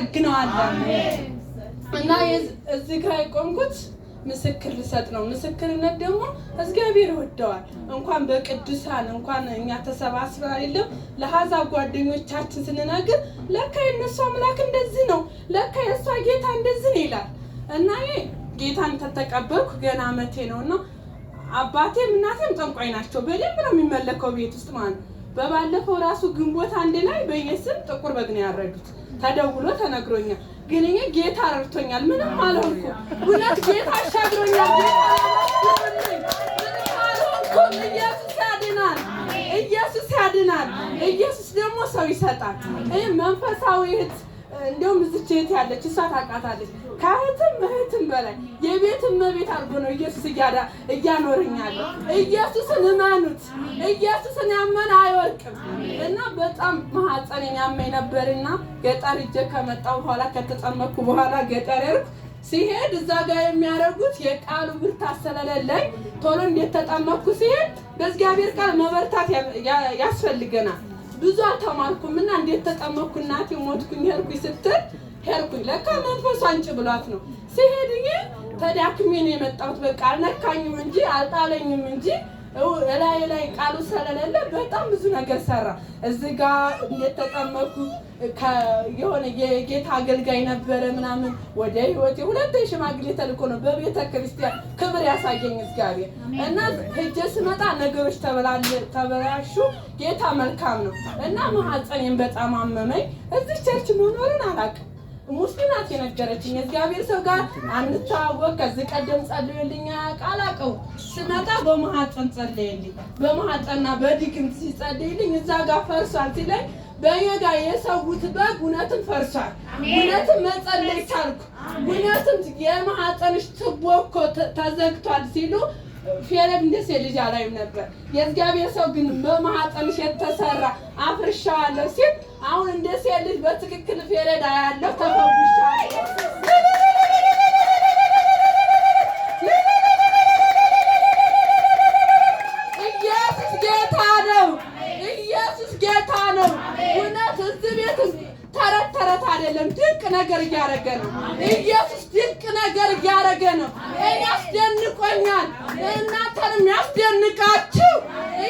አግነዋለን እና እዚህ ጋር የቆምኩት ምስክር ልሰጥ ነው። ምስክርነት ደግሞ እግዚአብሔር ይወደዋል። እንኳን በቅዱሳን እንኳን እኛ ተሰባስበ የለም ለአሕዛብ ጓደኞቻችን ስንነግር ለካ የነሱ አምላክ እንደዚህ ነው፣ ለካ የእሷ ጌታ እንደዚህ ነው ይላል እና ጌታን ተተቀበልኩ ገና መቴ ነው እና አባቴም እናቴም ጠንቋይ ናቸው። በደንብ ነው የሚመለከው ቤት ውስጥ ማለት ነው በባለፈው ራሱ ግንቦት አንድ ላይ በየስም ጥቁር በግ ነው ያረዱት። ተደውሎ ተነግሮኛል። ግን እኔ ጌታ ረድቶኛል፣ ምንም አልሆንኩ። ሁለት ጌታ አሻግሮኛል። ኢየሱስ ያድናል፣ ኢየሱስ ደግሞ ሰው ይሰጣል። መንፈሳዊ እህት እንደውም ዝቼት ያለች እሷ ታውቃታለች ከእህትም እህትም በላይ የቤት እመቤት አድርጎ ነው ኢየሱስ እያዳ እያኖረኛለሁ። ኢየሱስን እመኑት። ኢየሱስን ያመነ አይወርቅም። እና በጣም ማህፀኔን ያመኝ ነበርና ገጠር እጄ ከመጣሁ በኋላ ከተጠመኩ በኋላ ገጠር ሄድኩ። ሲሄድ እዛ ጋር የሚያደርጉት የቃሉ ብርታት ስለሌለኝ ቶሎ እንደተጠመኩ ሲሄድ በእግዚአብሔር ቃል መበርታት ያስፈልገናል። ብዙ አልተማርኩም እና እንደተጠመኩ እናቴ ሞትኩኝ ሄድኩኝ ስትል አልኩኝ። ለካ መንፈሱ አንጭ ብሏት ነው። ሲሄድ ተዳክሜ ነው የመጣሁት። በቃ አልነካኝም እንጂ አልጣለኝም እንጂ ላይ ቃሉ ስለሌለ በጣም ብዙ ነገር ሰራ። እዚህ ጋ እንደተጠመኩ የሆነ የጌታ አገልጋይ ነበረ ምናምን ወደ ህይወቴ ሁለት ሽማግሌ ተልኮ ነው በቤተ ክርስቲያን ክብር ያሳየኝ እግዚአብሔር እና ህጀ ስመጣ ነገሮች ተበላሹ። ጌታ መልካም ነው እና ማህፀኔን በጣም አመመኝ። እዚህ ቸርች መኖርን አላውቅም ሙስሊም ናት የነገረችኝ። እግዚአብሔር ሰው ጋር አንተዋወቅ ከዚህ ቀደም ጸልዩልኛ ቃል ስመጣ በመሐጠን ጸልዩልኝ በመሐጠና በድግምት ሲጸልዩልኝ እዛ ጋር ፈርሷል ሲለኝ በየጋ የሰውት በግ እውነትም ፈርሷል። እውነትም መጸለይ ቻልኩ። እውነትም የመሐጠንሽ ትቦ እኮ ተዘግቷል ሲሉ ፌረድ እንደ ሴት ልጅ አላይም ነበር። የእግዚአብሔር ሰው ግን በማህፀንሽ የተሰራ አፍርሻዋለሁ ሲል አሁን እንደ ሴት ልጅ በትክክል ፌረድ አያለሁ ተፈውሻለሁ። እያደረገ ነው። ኢየሱስ ድንቅ ነገር እያደረገ ነው። እኔ ያስደንቆኛል። እናንተንም ያስደንቃችሁ።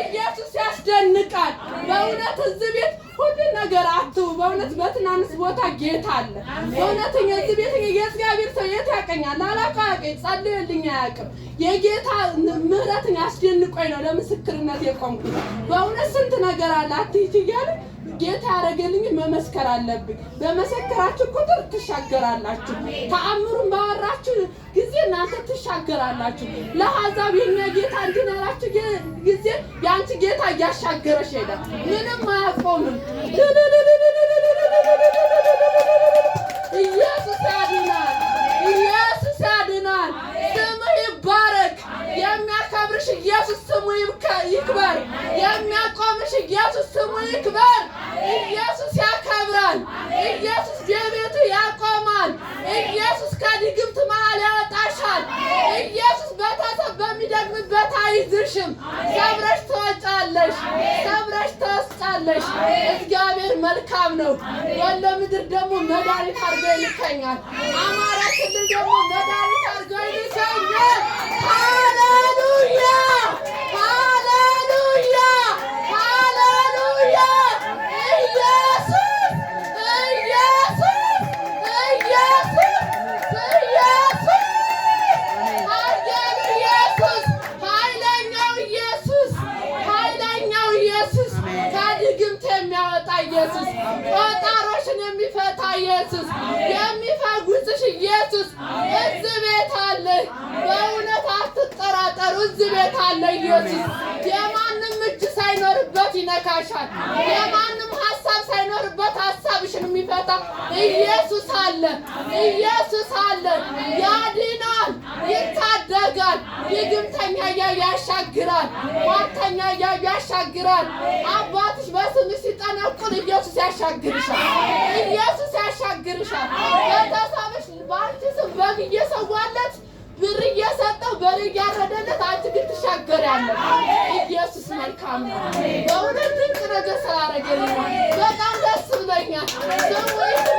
ኢየሱስ ያስደንቃል። በእውነት እዚህ ቤት ሁሉ ነገር አትው። በእውነት በትናንስ ቦታ ጌታ አለ። በእውነተኛ እዚህ ቤት የእግዚአብሔር ሰው የት ያቀኛል? አላውቅም። ጸልዮልኝ አያውቅም። የጌታ ምሕረትን ያስደንቆኝ ነው ለምስክርነት የቆምኩት። በእውነት ስንት ነገር አለ አትይች እያለ ጌታ ያደረገልኝ መመስከር አለብኝ። በመሰከራችሁ ቁጥር ትሻገራላችሁ። ተአምሩን ባወራችሁ ጊዜ እናንተ ትሻገራላችሁ። ለአሕዛብ የኛ ጌታ እንዲነራችሁ ጊዜ የአንቺ ጌታ እያሻገረሽ ሄዳል። ምንም አያቆምም። ኢየሱስ ያድናል። ኢየሱስ ያድናል። ስምህ ይባረክ። የሚያከብርሽ ኢየሱስ ስሙ ይክበር። የሚያቆምሽ ኢየሱስ ስሙ ይክበር። የሚገጥምበት አይዝርሽም። ሰብረሽ ትወጫለሽ፣ ሰብረሽ ትወስጫለሽ። እግዚአብሔር መልካም ነው። ወሎ ምድር ደግሞ መድኃኒት አድርጎ ይልከኛል። አማራ ክልል ደግሞ መድኃኒት የሚያወጣ ኢየሱስ፣ ቆጣሮሽን የሚፈታ ኢየሱስ፣ የሚፈውስሽ ኢየሱስ እዚህ ቤት አለ። በእውነት አትጠራጠሩ፣ እዚህ ቤት አለ ኢየሱስ። የማንም እጅ ሳይኖርበት ይነካሻል። የማንም ሀሳብ በሄድሽበት ሀሳብሽን የሚፈታ ኢየሱስ አለ፣ ኢየሱስ አለ። ያድናል፣ ይታደጋል። የግምተኛ እያየ ያሻግራል፣ ሟርተኛ እያየ ያሻግራል። አባትሽ በስምሽ ሲጠነቁል ኢየሱስ ያሻግርሻል፣ ኢየሱስ ያሻግርሻል። ቤተሰብሽ በአንቺ ስም በግ እየሰዋለት ብር እየሰጠው በር እያረደለት አንቺ ግን እንሻገራለን። ኢየሱስ መልካም ነው። በእውነት ድንቅ ነገር ስላደረገልኝ በጣም ደስ ብሎኛል። ስሙ ይክበር፣ ሃሌሉያ፣ ሃሌሉያ።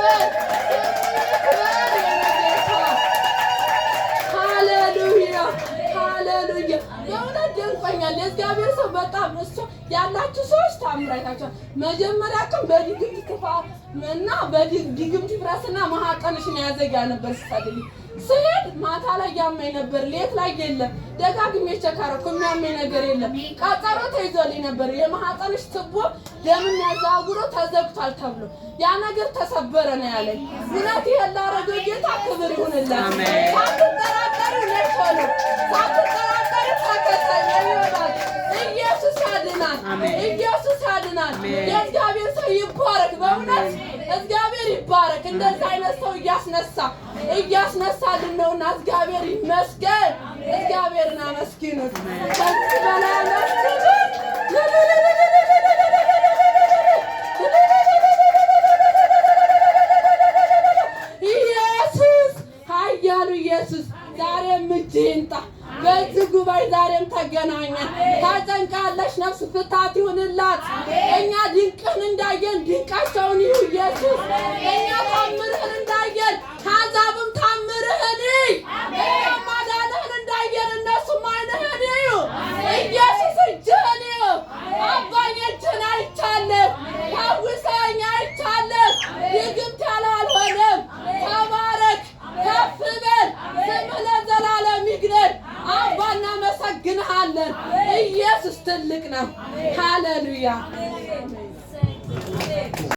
በእውነት ደንቆኛል። የእግዚአብሔር ሰው በጣም እሱ ያላችሁ ሰዎች ታምር መጀመሪያ ግን በድግምት ክፋ እና በድግምት ፍረስና መሀቀንሽን ያዘጋ ነበር ስታድልኝ ስሄድ ማታ ላይ ያመኝ ነበር፣ ሌት ላይ የለም። ደጋግሜ ቸካረኩ፣ የሚያመኝ ነገር የለም። ቀጠሮ ተይዞልኝ ነበር። የማህፀንሽ ትቦ ደም የሚያዘዋውሮ ተዘግቷል ተብሎ ያ ነገር ተሰበረ ነው ያለኝ። እውነት ይሄን ላደረገው ጌታ ክብር ይሁንለት። ሳትጠራጠሪ ነሸሉ ሳትጠራጠሪ ተከተል ይሆናል። ኢየሱስ ያድናል፣ ኢየሱስ ያድናል። የእግዚአብሔር ሰው ይባረክ በእውነት እግዚአብሔር ይባረክ። እንደዚህ አይነት ሰው እያስነሳ እያስነሳልን ነውና እግዚአብሔር ይመስገን። እግዚአብሔርን አመስግኑት። በዚህ ጉባኤ ዛሬም ተገናኘን። ታጨንቃለሽ ነፍስ ፍታት ይሁንላት። እኛ ድንቅን እንዳየን ድንቃቸውን ይሁ ኢየሱስ እኛ ታምርህን እንዳየን ታዛብም ታም ትልቅ ነው። ሃሌሉያ